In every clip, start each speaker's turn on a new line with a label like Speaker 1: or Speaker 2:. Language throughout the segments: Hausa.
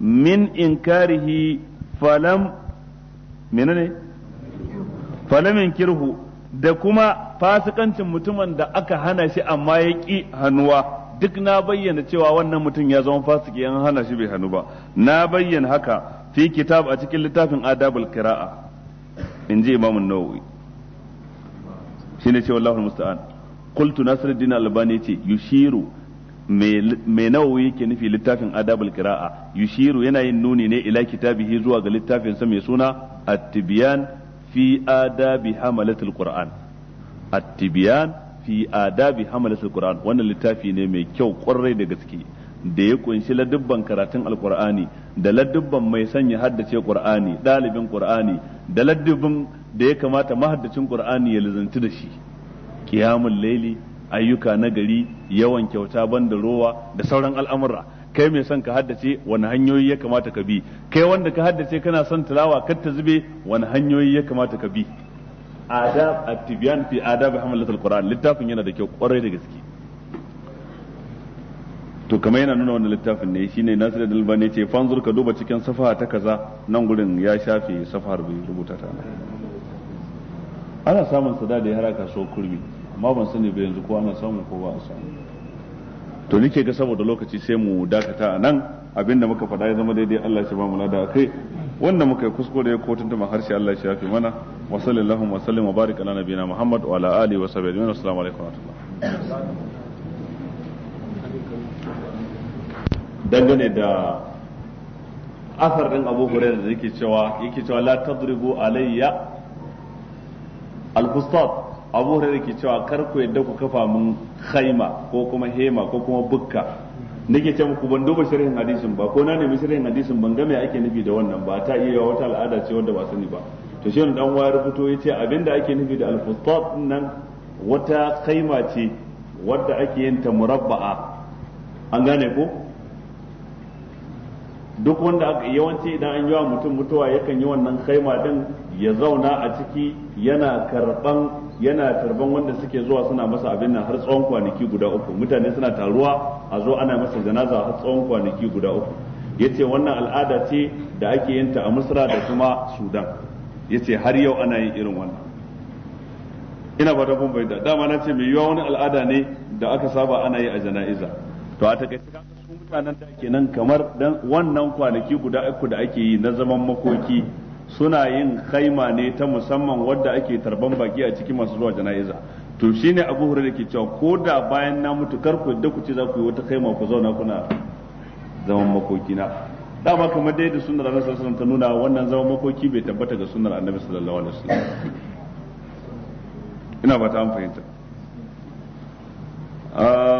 Speaker 1: min inkarihi falam menene falam da kuma fasikancin mutumin da aka hana shi amma ya ki hannuwa duk na bayyana cewa wannan mutum ya zama fasiki an hana shi bai hannu ba na bayyana haka fi kitab a cikin littafin adabul qira'a in ji imamun nawawi shine cewa Allahul musta'an qultu nasiruddin albani ce yushiru mai nawawi yake nufi littafin adabul qira'a yushiru yana yin nuni ne ila kitabihi zuwa ga littafin sa mai suna at-tibyan fi adabi hamalatul qur'an at-tibyan fi adabi hamalatul qur'an wannan littafi ne mai kyau kwarai da gaske da ya kunshi ladubban karatun alkur'ani da ladubban mai sanya haddace qur'ani dalibin qur'ani da ladubban da ya kamata mahaddacin qur'ani ya lizanti da shi qiyamul laili ayyuka na gari yawan kyauta da rowa da sauran al'amura kai mai son ka haddace wani hanyoyi ya kamata ka bi kai wanda ka haddace kana son tilawa kar ta zube wani hanyoyi ya kamata ka bi adab at-tibyan fi adab hamlat quran littafin yana da kyau kwarai da gaske to kamar yana nuna wannan littafin ne shine al-albani ce fanzur ka duba cikin safaha ta kaza nan gurin ya shafe safahar bai rubuta ta ana samun sada da ya haraka so kurmi amma ban sani ba yanzu ko ana samu ko ba a samu to nike ga saboda lokaci sai mu dakata a nan abinda muka faɗa ya zama daidai Allah shi ba mu lada a kai wanda muka yi kuskure kotun tuma harshe Allah shi fi mana wa sallallahu wa sallim wa barik ala nabiyina Muhammad wa ala alihi wa sahbihi ajma'in assalamu alaikum wa
Speaker 2: rahmatullah
Speaker 1: dangane da asar din Abu Hurairah da yake cewa yake cewa la tadribu alayya al-fustat abu da ke cewa kar ku yadda ku kafa mun khaima ko kuma hema ko kuma bukka nake ce muku ban duba sharhin hadisin ba ko na nemi sharhin hadisin ban ga me ake nufi da wannan ba ta iya wata al'ada ce wanda ba sani ba to shi dan wa rubuto yace abinda ake nufi da al-fustat nan wata khaima ce wadda ake yin ta murabba'a an gane ko duk wanda yawanci idan an yi wa mutum mutuwa yakan yi wannan khaima din ya zauna a ciki yana karban yana tarban wanda suke zuwa suna masa abin nan har tsawon kwanaki guda uku mutane suna taruwa a zo ana masa janaza har tsawon kwanaki guda uku yace wannan al'ada ce da ake yin ta a Misra da kuma Sudan yace har yau ana yin irin wannan ina ba da kun bai da dama na ce mai yiwa wani al'ada ne da aka saba ana yi a jana'iza to a takaice ka su mutanen da nan kamar dan wannan kwanaki guda uku da ake yi na zaman makoki suna yin khaima ne ta musamman wadda ake tarban baki a cikin masu zuwa jana'iza to shine abu hurairah ke cewa ko da bayan na mutu kar ku da ku ce za ku yi wata khaima ku zauna kuna zaman makoki na dama kamar dai da sunnar annabi sallallahu alaihi ta nuna wannan zaman makoki bai tabbata ga sunnar annabi sallallahu alaihi wasallam ina ba ta an fahimta ah,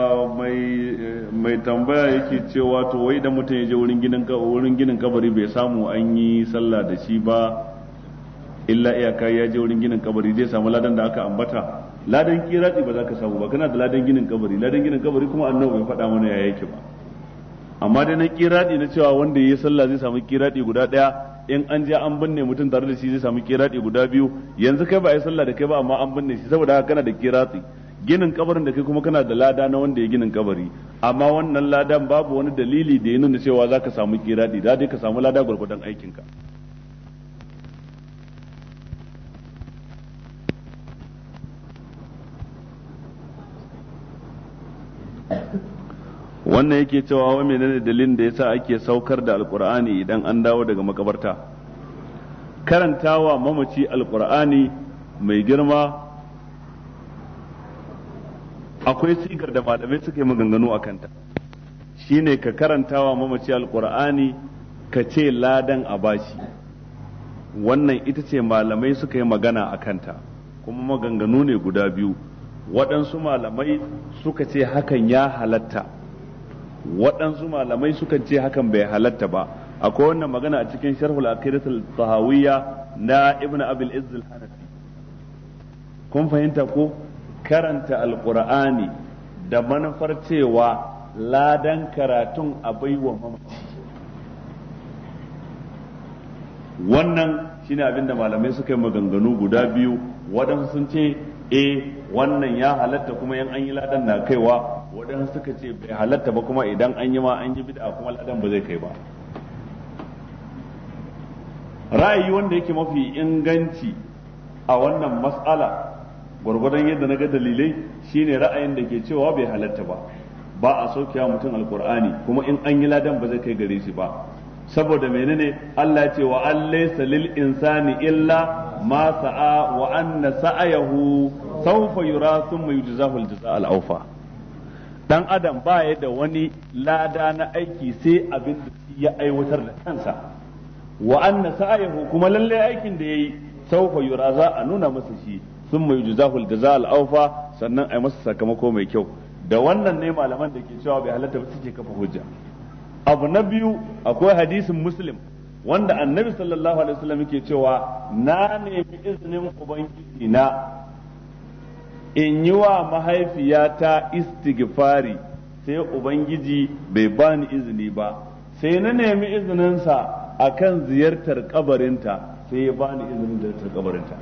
Speaker 1: mai tambaya yake cewa to wai da mutum ya je wurin ginin wurin ginin kabari bai samu an yi sallah da shi ba illa iyaka ya je wurin ginin kabari zai samu ladan da aka ambata ladan kirati ba za ka samu ba kana da ladan ginin kabari ladan ginin kabari kuma annabi bai faɗa mana ya yake ba amma dai na kirati na cewa wanda ya yi sallah zai samu kirati guda ɗaya in an je an binne mutum tare da shi zai samu kirati guda biyu yanzu kai ba a yi sallah da kai ba amma an binne shi saboda haka kana da kirati ginin kabarin da kai kuma kana da lada na wanda ya ginin kabari amma wannan ladan babu wani dalili da ya nuna cewa za ka samu kiradi da ka samu lada gwargwadon aikinka wannan yake cewa wa menene dalilin da yasa ake saukar da alkur'ani idan an dawo daga makabarta karanta wa mamaci alkur'ani mai girma akwai sigar da malamai suka yi maganganu a kanta shine ka karantawa mamaci alkur'ani ka ce ladan a bashi wannan ita ce malamai suka yi magana a kanta kuma maganganu ne guda biyu waɗansu malamai suka ce hakan ya halatta waɗansu malamai suka ce hakan bai halatta ba akwai wannan magana a cikin sharhul akiratul tahawiyya na ibnu abil izzil hanafi kun fahimta ko karanta alkur'ani da manufar cewa ladan karatun a baiwa mamaci wannan shine abinda malamai suka yi maganganu guda biyu waɗansu sun ce e wannan ya halatta kuma yan an yi ladan na kaiwa waɗansu suka ce bai halatta ba kuma idan an yi ma an yi bid'a kuma ladan ba zai kai ba ra'ayi wanda yake mafi inganci a wannan matsala. gwargwadon yadda na ga dalilai shine ra'ayin da ke cewa bai halatta ba ba a sauke wa mutum alkur'ani kuma in an yi ladan ba zai kai gare shi ba saboda menene Allah ce wa salil lil insani illa ma sa'a wa anna sa'ayahu sawfa yura thumma yujzahu al-jazaa al-awfa dan adam ba ya da wani lada na aiki sai abin da ya aiwatar da kansa wa anna sa'ayahu kuma lalle aikin da yayi sawfa yura za a nuna masa shi Sun mai da jaza a awfa sannan yi masa sakamako mai kyau da wannan ne malaman da ke cewa bai halatta ba suke kafa hujja abu na biyu akwai hadisin muslim wanda annabi sallallahu alaihi wasallam yake cewa na nemi izinin ubangiji na in yi wa mahaifiyata istighfari sai ubangiji bai bani izini ba sai na nemi izininsa akan ziyartar kabarinta sai ya bani izinin ziyartar kabarinta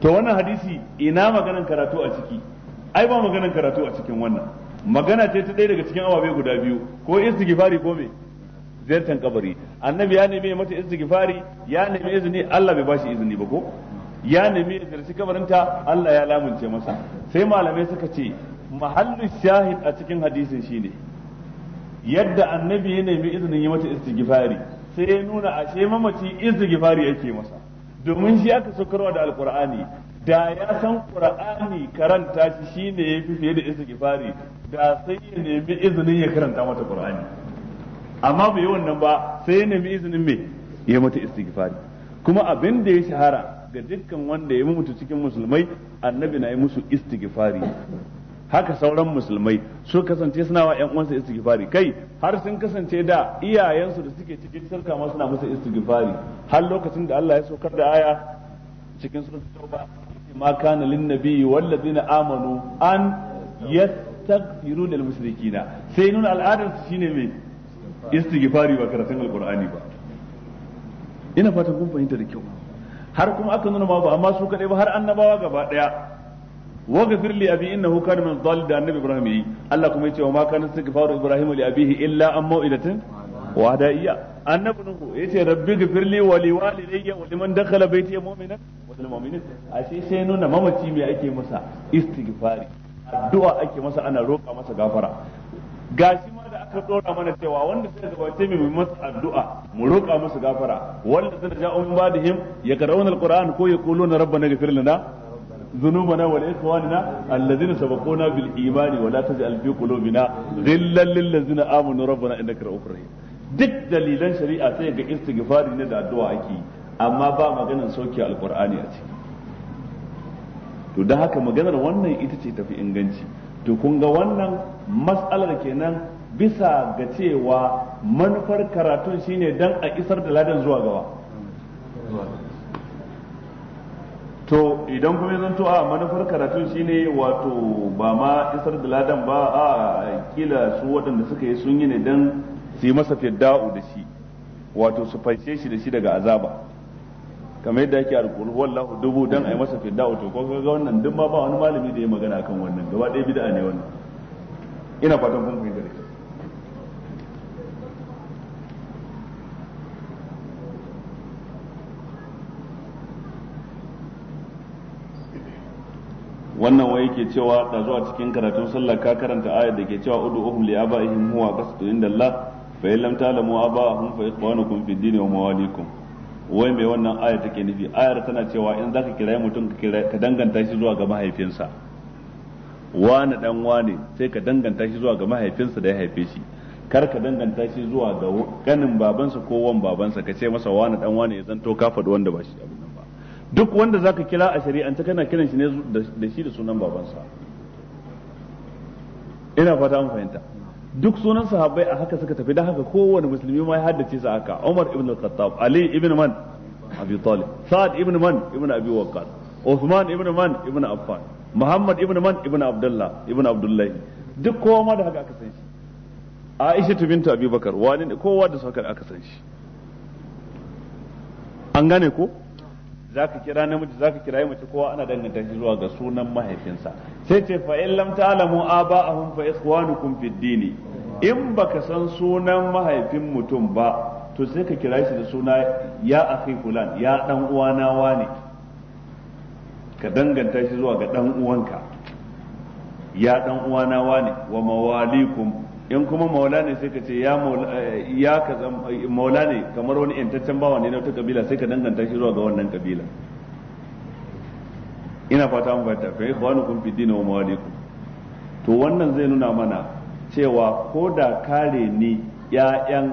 Speaker 1: to wannan hadisi ina maganan karatu a ciki ai ba maganan karatu a cikin wannan magana ce ta ɗaya daga cikin ababe guda biyu ko istighfari ko me ziyartar kabari annabi ya nemi mata istighfari ya nemi izini Allah bai bashi izini ba ko ya nemi ya kabarinta Allah ya lamunce masa sai malamai suka ce mahallu shahid a cikin hadisin shine yadda annabi ya nemi izinin yi mata istighfari sai ya nuna ashe mamaci istighfari yake masa domin shi aka saukarwa da alkur'ani da ya san qur'ani karanta shi shine yafi fiye da isa gifari, da sai ya nemi izinin ya karanta mata qur'ani amma bai wannan ba sai ya nemi izinin me ya mata istighfari kuma abin da ya shahara ga dukkan wanda ya mutu cikin musulmai annabi na yi musu istighfari haka sauran musulmai su kasance suna wa 'yan uwansu istighfari kai har sun kasance da iyayensu da suke cikin sarka ma suna musu istighfari har lokacin da Allah ya saukar da aya cikin sun tauba ma kana lin nabiyyi wal amanu an yastaghfiru lil mushrikina sai nuna al'adar shine mai istighfari ba karatun alqur'ani ba ina fatan kun fahimta da kyau har kuma aka nuna ma ba amma su kadai ba har annabawa gaba daya waghfir li abi innahu kana min dhalil da annabi ibrahim yi Allah kuma yace wa ma kana istighfaru ibrahim li abihi illa an mau'idatin wa hadaiya annabi nuhu yace rabbi ighfir li wa li walidayya wa liman dakhala baiti mu'minan wa lil mu'minin ashe sai nuna mamaci me ake masa istighfari addu'a ake masa ana roƙa masa gafara gashi ma da aka dora mana cewa wanda zai gabace mai mai masa addu'a mu roƙa masa gafara wanda zai ja'un badihim ya karawun alquran ko ya quluna rabbana ighfir lana ذنوبنا ولإخواننا الذين سبقونا بالإيمان ولا تجعل في قلوبنا غلا للذين آمنوا ربنا إنك رؤوف رحيم duk dalilan shari'a sai ga istighfari ne da addu'a ake amma ba maganar sauke alqur'ani a ciki to da haka maganar wannan ita ce tafi inganci to kun ga wannan mas'alar kenan bisa ga cewa manufar karatun shine dan a isar da ladan zuwa gaba? to idan kuma ya zanto a manufar karatun shine wato ba ma isar da ladan ba a kila su waɗanda suka yi sun yi ne don su yi masa fidda'u da shi wato su fashe shi da shi daga azaba kamar yadda ake alƙulu wallahu dubu don a yi masa fidda'u to ko ga wannan duk ma ba wani malami da ya magana akan wannan gaba ɗaya bid'a ne wannan ina fatan kun fahimta wannan wai yake cewa da zuwa cikin karatun sallah ka karanta ayar da ke cewa udu uhum li abaihim huwa qasdu indallah fa in lam ta'lamu abaahum fa ikhwanukum fid din wa mawalikum wai mai wannan aya take nufi ayar tana cewa in zaka kirayi mutum ka danganta shi zuwa ga mahaifinsa wani dan wani sai ka danganta shi zuwa ga mahaifinsa da ya haife shi kar ka danganta shi zuwa ga ganin babansa ko wan babansa ka ce masa wani dan wani ya zanto ka faɗi wanda ba shi abin duk wanda zaka kira a shari'ance kana kiran shi ne da shi da sunan babansa ina fata an fahimta duk sunan sahabbai a haka suka tafi da haka kowane musulmi ma ya haddace su haka Umar ibn al-Khattab Ali ibn Man Abi Talib Sa'ad ibn Man ibn Abi Waqqas Uthman ibn Man ibn Affan Muhammad ibn Man ibn Abdullah ibn Abdullah duk kowa ma da haka aka san shi Aisha bintu Abi Bakar wani kowa da su haka aka san shi an gane ko za ka kira namiji za ka kira yi mace kowa ana danganta shi zuwa ga sunan mahaifinsa sai ce fa in lam ta'lamu aba'ahum fa ikhwanukum fid ne in baka san sunan mahaifin mutum ba to sai ka kira shi da suna ya akhi fulan ya dan uwana wane ka danganta shi zuwa ga dan uwanka ya dan uwana wane wa mawalikum in kuma maula ne sai ka ce ya eh, ya kaza eh, maula ne kamar wani intaccen bawa ne na wata kabila sai ka danganta shi zuwa ga wannan kabila ina fata mun fahimta fa ikhwanukum fi din wa mawalikum to wannan zai nuna mana cewa ko da kare ni ƴaƴan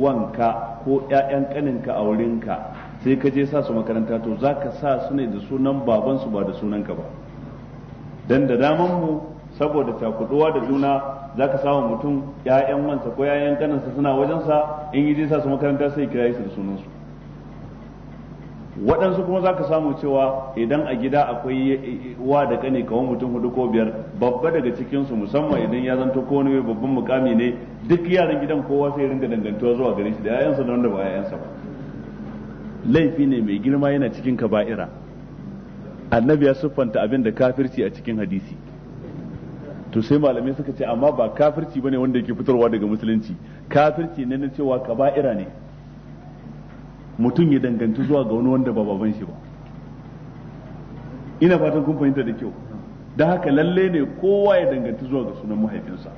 Speaker 1: wanka ko ƴaƴan kaninka a wurinka sai ka je sa su makaranta to zaka sa su ne da sunan babansu ba da sunanka ba dan da daman mu saboda takuduwa da juna za ka samu mutum 'ya'yan wansa ko 'ya'yan kaninsa suna wajensa in yi sa su makaranta sai kira su da sunansu waɗansu kuma za ka samu cewa idan a gida akwai wa da kane kawo mutum hudu ko biyar babba daga cikinsu musamman idan ya zanto ko wani babban mukami ne duk yaran gidan kowa sai ringa dangantuwa zuwa gare shi da 'ya'yansa da wanda ba 'ya'yansa ba laifi ne mai girma yana cikin kaba'ira annabi ya siffanta abin da kafirci a cikin hadisi to sai malamai suka ce amma ba kafirci bane wanda yake fitarwa daga musulunci kafirci ne na cewa kaba'ira ne mutum ya danganci zuwa ga wani wanda ba baban shi ba ina fatan kun fahimta da kyau don haka lalle ne kowa ya danganci zuwa ga sunan mahaifinsa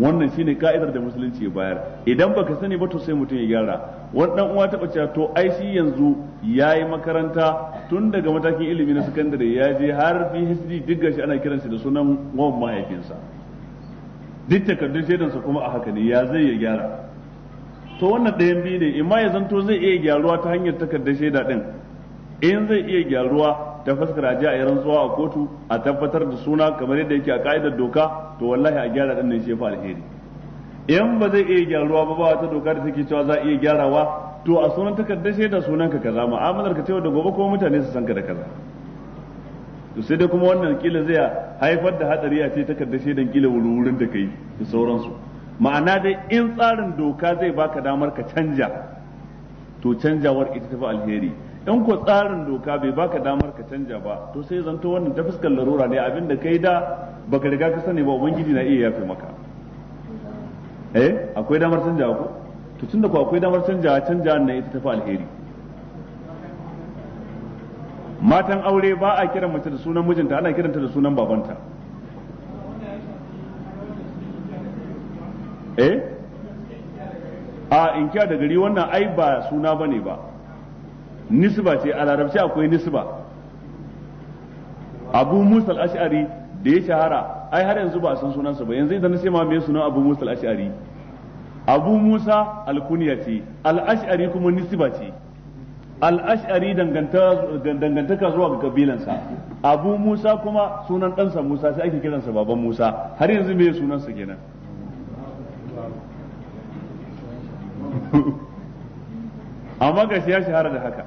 Speaker 1: wannan shine ka'idar da musulunci ya bayar idan baka sani ba to sai mutum ya gyara wani dan uwa taba cewa to ai shi yanzu yayi makaranta tun daga matakin ilimi na sakandare ya je har PhD duk gashi ana kiran shi da sunan wan mahaifinsa duk takardun shaidan sa kuma a haka ne ya zai ya gyara to wannan ɗayan biyu ne imma ya zanto zai iya gyaruwa ta hanyar takardar shaida din in zai iya gyaruwa ta fuskar aje a yi rantsuwa a kotu a tabbatar da suna kamar yadda yake a ka'idar doka to wallahi a gyara ɗan nan shefa alheri in ba zai iya gyaruwa ba ba wata doka da take cewa za a iya gyarawa to a sunan takardar da sunan ka kaza mu'amalar ka cewa da gobe ko mutane su san ka da kaza to sai dai kuma wannan kila zai haifar da hadari a ce takardar shaidan kila wurin da kai da sauransu ma'ana dai in tsarin doka zai baka damar ka canja to canjawar ita tafi alheri in ko tsarin doka bai baka damar ka canja ba to sai zanto wannan ta fuskar larura ne abinda kai da baka riga ka sani ba ubangiji na iya yafe maka eh akwai damar canja ko to tunda ko akwai damar canja canja nan ita tafi alheri matan aure ba a kiran mace da sunan mijinta ana kiranta da sunan babanta eh a in kiya da gari wannan ai ba suna bane ba nisba ce a larabci akwai nisba abu musa al-ash'ari da ya shahara ai har yanzu ba a san sunansa ba yanzu idan na ce ma me sunan abu musa al-ash'ari abu musa alkunya ce al-ash'ari kuma nisba ce al-ash'ari dangantaka zuwa ga kabilansa abu musa kuma sunan ɗansa musa sai ake kiransa baban musa har yanzu me sunansa kenan amma ga shi ya shahara da haka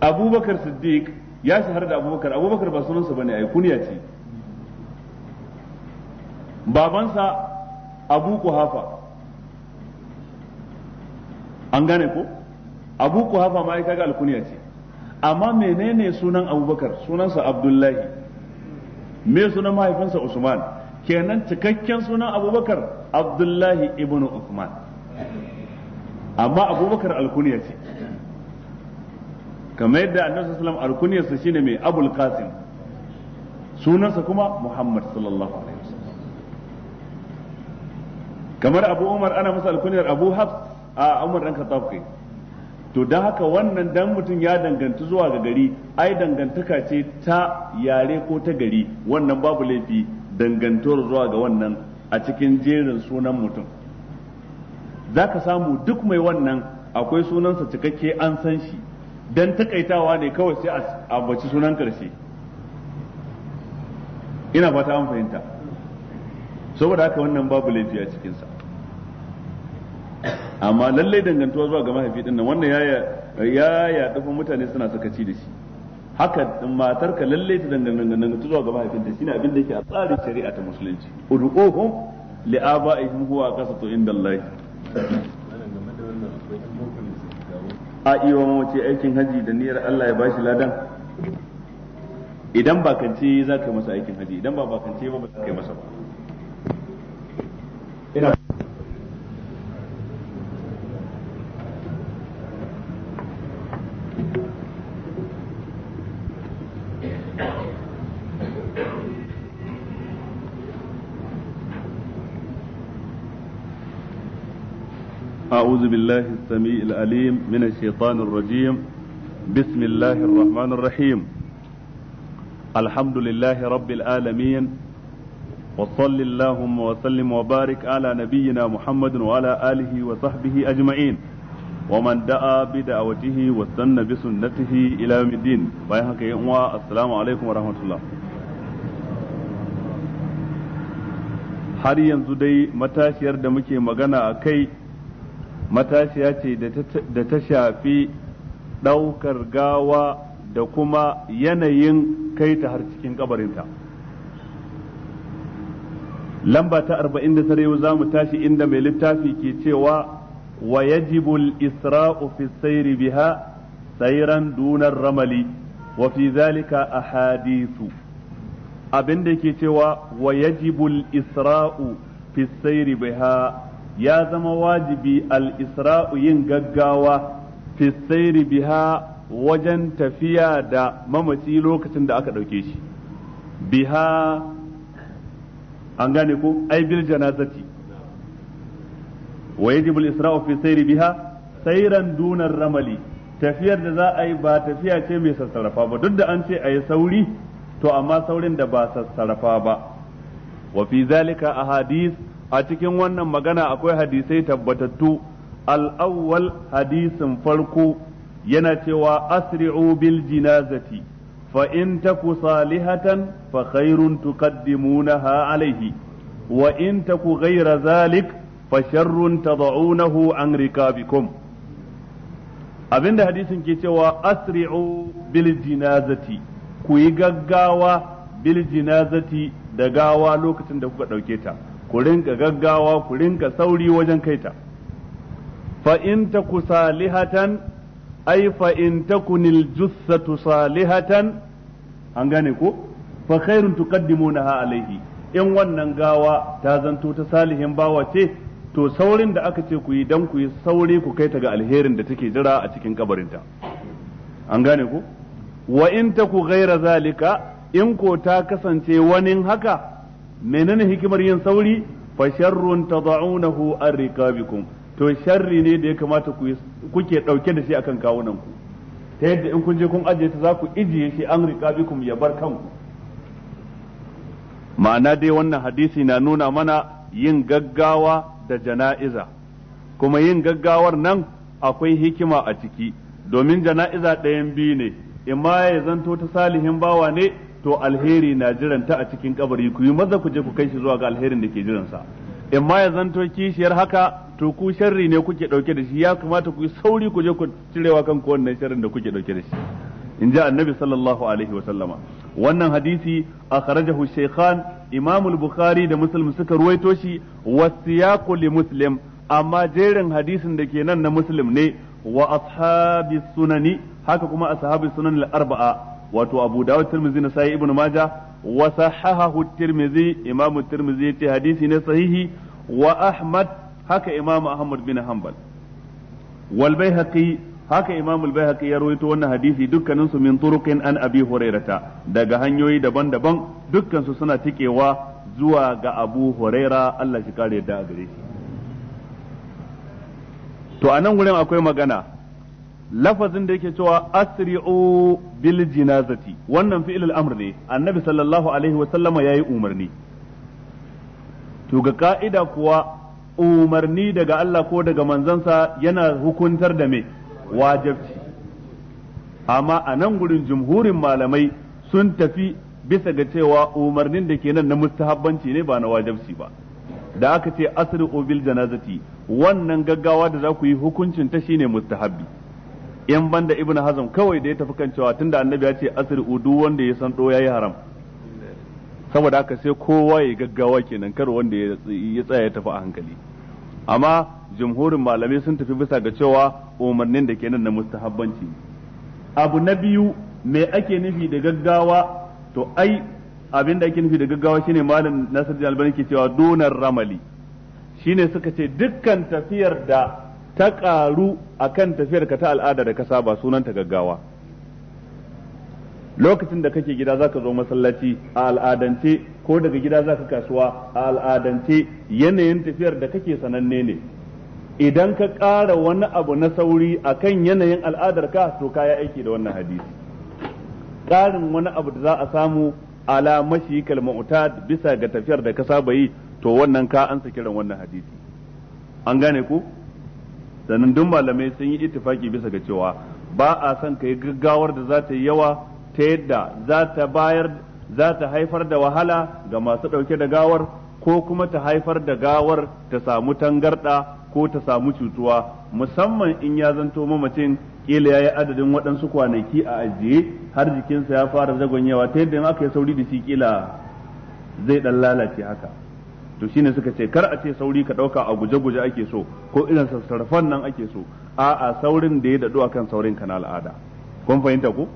Speaker 1: abubakar siddiq ya shahara da abubakar abubakar ba sunansa bane yi kunya ce babansa abu kuhafa an gane ko abu kuhafa ma ya kaga alkuniya ce amma menene sunan abubakar sunansa abdullahi me sunan mahaifinsa usman kenan cikakken sunan abubakar abdullahi ibnu usman amma abubakar alkuniya ce kamar yadda annabi sallallahu alaihi alkuniyarsa shine mai abul qasim sunansa kuma muhammad sallallahu alaihi wasallam kamar abu umar ana masa alkuniyar abu hafs a umar dan khattab kai to don haka wannan dan mutum ya danganta zuwa ga gari ai dangantaka ce ta yare ko ta gari wannan babu laifi dangantuwar zuwa ga wannan a cikin jerin sunan mutum Za ka samu duk mai wannan akwai sunansa cikakke an san shi don takaitawa ne kawai sai a ambaci sunan karshe ina fata an fahimta saboda haka wannan babu laifi a cikinsa amma lallai dangantuwa zuwa ga mahaifi din nan wannan ya ya dafa mutane suna sakaci da shi haka matar ka lallai ta dangantu zuwa ga mahaifinta shine abin da yake a tsarin shari'a ta musulunci ud'uhum li'aba'ihim huwa qasatu inda Allah a iya wace aikin haji da niyyar Allah ya bashi ladan idan ba kance za ka yi masa aikin haji idan ba ba kance ba ba za ka yi masa ba ina أعوذ بالله السميع العليم من الشيطان الرجيم بسم الله الرحمن الرحيم الحمد لله رب العالمين وصل اللهم وسلم وبارك على نبينا محمد وعلى آله وصحبه أجمعين ومن دعا بدعوته واستنى بسنته إلى يوم الدين السلام عليكم ورحمة الله har yanzu dai matashiyar da muke magana a kai matashiya ce da ta shafi ɗaukar gawa da kuma yanayin kai ta har cikin kabarinta lamba ta arba'in da sarewa za mu tashi inda mai littafi ke cewa wa yajibul isra'u fi sayri biha Sairan dunar ramali wa fi zalika ahadithu abin da ke cewa wa isra'u fi sayri biha ya zama wajibi al-isra'u yin gaggawa fi biha wajen tafiya da mamaci lokacin da aka ɗauke shi biha an gane ko ai bil janazati wa yajibu israu fi sayri biha sayran duna ramali tafiyar da za a yi ba tafiya ce mai sassarafa ba duk da an ce a yi sauri to amma saurin da ba sassarafa ba wa fi zalika ahadith a cikin wannan magana akwai hadisai tabbatattu al-awwal hadisin farko yana cewa asri'u bil jinazati fa in taku salihatan fa khairun tuqaddimunaha alayhi wa in taku ghayra zalik fa sharrun tad'unahu an rikabikum abinda hadisin ke cewa asri'u bil jinazati ku yi gaggawa bil jinazati da gawa lokacin da kuka dauke ta ku rinka gaggawa ku rinka sauri wajen kaita fa in ta ku salihatan ai fa in ta ku jussatu salihatan an gane ko fa khairun tuqaddimunaha alaihi in wannan gawa ta zanto ta salihin bawa ce to saurin da aka ce ku yi dan ku yi sauri ku kai ta ga alherin da take jira a cikin kabarinta an gane ku wa in ku ghaira zalika in ko ta kasance wani haka menene hikimar yin sauri fa sharrun tad'unahu an to sharri ne da ya kamata ku kuke dauke da shi akan kawunan ku ta yadda in kun je kun ajiye ta za ku ijiye shi an riqabikum ya bar kanku ma'ana dai wannan hadisi na nuna mana yin gaggawa da jana'iza kuma yin gaggawar nan akwai hikima a ciki domin jana'iza ɗayan biyu ne imma ya zanto ta salihin bawa ne to alheri na jiranta a cikin kabari ku yi maza ku je ku kai shi zuwa ga alherin da ke jiransa in ma ya zanto kishiyar haka to ku sharri ne kuke dauke da shi ya kamata ku yi sauri ku je ku cirewa kanku wannan sharrin da kuke dauke da shi in ji annabi sallallahu alaihi wa sallama wannan hadisi akhrajahu shaykhan imam al-bukhari da muslim suka ruwaito shi wasiyaqu li muslim amma jerin hadisin da ke nan na muslim ne wa ashabi sunani haka kuma ashabi sunan al-arba'a wato Abu Dawud na sahi ibnu maja wa sahahahu tirmizi Imam ya ce hadisi ne sahihi wa Ahmad haka Imam Ahmad bin Hanbal wal Baihaqi haka Imam al-Baihaqi ya rawaito wannan hadisi dukkanin su min turuqin an Abi Hurairata daga hanyoyi daban-daban dukkan suna tikewa zuwa ga Abu Huraira Allah shi kare da gare shi to anan wurin akwai magana lafazin da yake cewa asri'u bil jinazati wannan fi'il al-amr ne annabi sallallahu alaihi wa sallama yayi umarni to ga ka'ida kuwa umarni daga Allah ko daga manzansa yana hukuntar da me wajibi amma a nan gurin jumhurin malamai sun tafi bisa ga cewa umarnin da ke nan na mustahabbanci ne ba na wajibi ba da aka ce asri'u bil janazati wannan gaggawa da za ku yi hukuncin ta shine mustahabbi in da ibn hazm kawai da ya tafi kan cewa tunda annabi ya ce asri udu wanda ya san doya yayi haram saboda haka sai kowa ya gaggawa kenan kar wanda ya tsaya ya tafi a hankali amma jumhurin malamai sun tafi bisa ga cewa umarnin da kenan na mustahabbanci abu na biyu me ake nufi da gaggawa to ai abin da ake nufi da gaggawa shine malam Nasir Albani ke cewa donar ramali shine suka ce dukkan tafiyar da ta ƙaru akan tafiyar ka ta al'ada da ka saba sunanta gaggawa lokacin da kake gida zaka zo masallaci a al'adance ko daga gida zaka kasuwa a al'adance yanayin tafiyar da kake sananne ne idan ka ƙara wani abu na sauri a kan yanayin al'adar ka to kaya aiki da wannan hadisi ƙarin wani abu da za a samu ala mashi kalmauta bisa ga tafiyar da ka saba yi to wannan ka ansa kiran wannan hadisi an gane ku sannan duk malamai sun yi ittifaki bisa ga cewa ba a son kai gaggawar da za ta yi yawa ta yadda za ta bayar za ta haifar da wahala ga masu ɗauke da gawar ko kuma ta haifar da gawar ta samu tangarɗa ko ta samu cutuwa musamman in ya zanto mamacin kila ya yi adadin waɗansu kwanaki a ajiye har jikinsa ya fara yawa ta yadda in aka yi sauri da shi kila zai ɗan lalace haka to shine suka ce kar a ce sauri ka dauka a guje-guje ake so ko irin sassarfan nan ake so a'a saurin da ya dadu akan saurin kana al'ada kun fahimta ko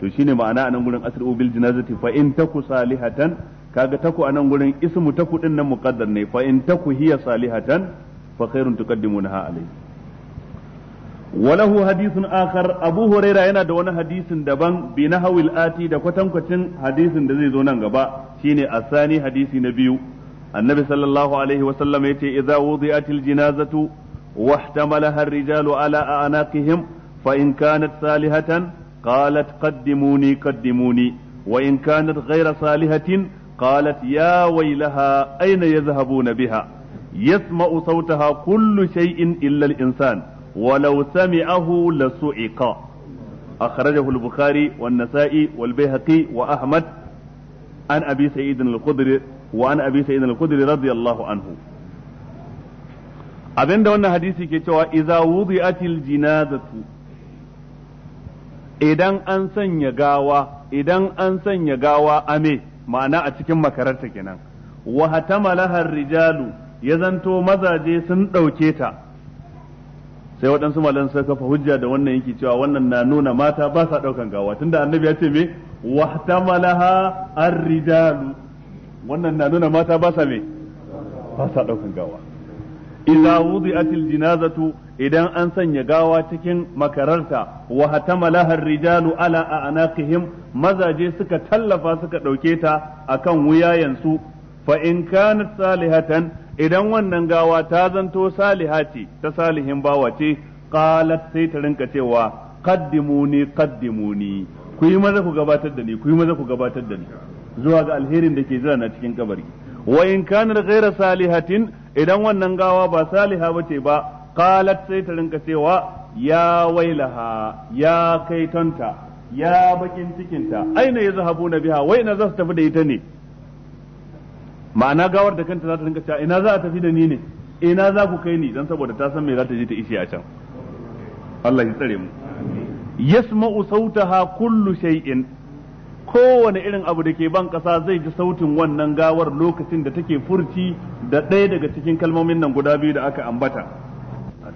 Speaker 1: to shine ma'ana a nan gurin asru bil janazati fa in taku salihatan kaga taku a nan gurin ismu taku din nan muqaddar ne fa in taku hiya salihatan fa khairun tuqaddimunaha alayhi hadisin حديث آخر أبو هريرة yana da wani hadisin daban bi nahawil ati da kwatankwacin hadisin da zai zo nan gaba shine asani hadisi na biyu النبي صلى الله عليه وسلم يتي إذا وضعت الجنازة واحتملها الرجال على أعناقهم فإن كانت صالحة قالت قدموني قدموني وإن كانت غير صالحة قالت يا ويلها أين يذهبون بها يسمع صوتها كل شيء إلا الإنسان ولو سمعه لسعق أخرجه البخاري والنسائي والبيهقي وأحمد عن أبي سعيد الخدري wa an abi sa'id al radiyallahu anhu abinda wannan hadisi ke cewa idza wudi'atil jinazatu idan an sanya gawa idan an sanya gawa ame ma'ana a cikin makararta kenan wa hatamalaha rijalu ya zanto mazaje sun ɗauke ta sai waɗansu malan suka kafa hujja da wannan yake cewa wannan na nuna mata ba sa ɗaukan gawa tunda annabi ya ce me wa hatamalaha ar-rijalu wannan na nuna mata ba sa me ba sa daukan gawa idza wudi'atil jinazatu idan an sanya gawa cikin makararta wa hatamalaha rijalu ala a'naqihim mazaje suka tallafa suka dauke ta akan wuyayensu fa in kanat salihatan idan wannan gawa ta zanto saliha ce ta salihin bawa ce qalat sai ta rinka cewa qaddimuni qaddimuni ku yi maza ku gabatar da ni ku yi maza ku gabatar da ni zuwa ga alherin da ke zira na cikin kabari wa in kana ghaira salihatin idan wannan gawa ba saliha bace ba qalat sai ta rinka cewa ya wailaha ya kaitanta ya bakin cikinta aina ya na biha wai na za su tafi da ita ne ma'ana gawar da kanta za ta rinka cewa ina za a tafi da ni ne ina za ku kai ni dan saboda ta san me za ta je ta ishe a can Allah ya tsare mu yasma'u sautaha kullu shay'in kowane irin abu da ke ban ƙasa zai ji sautin wannan gawar lokacin da take furci da ɗaya daga cikin kalmomin nan guda biyu da aka ambata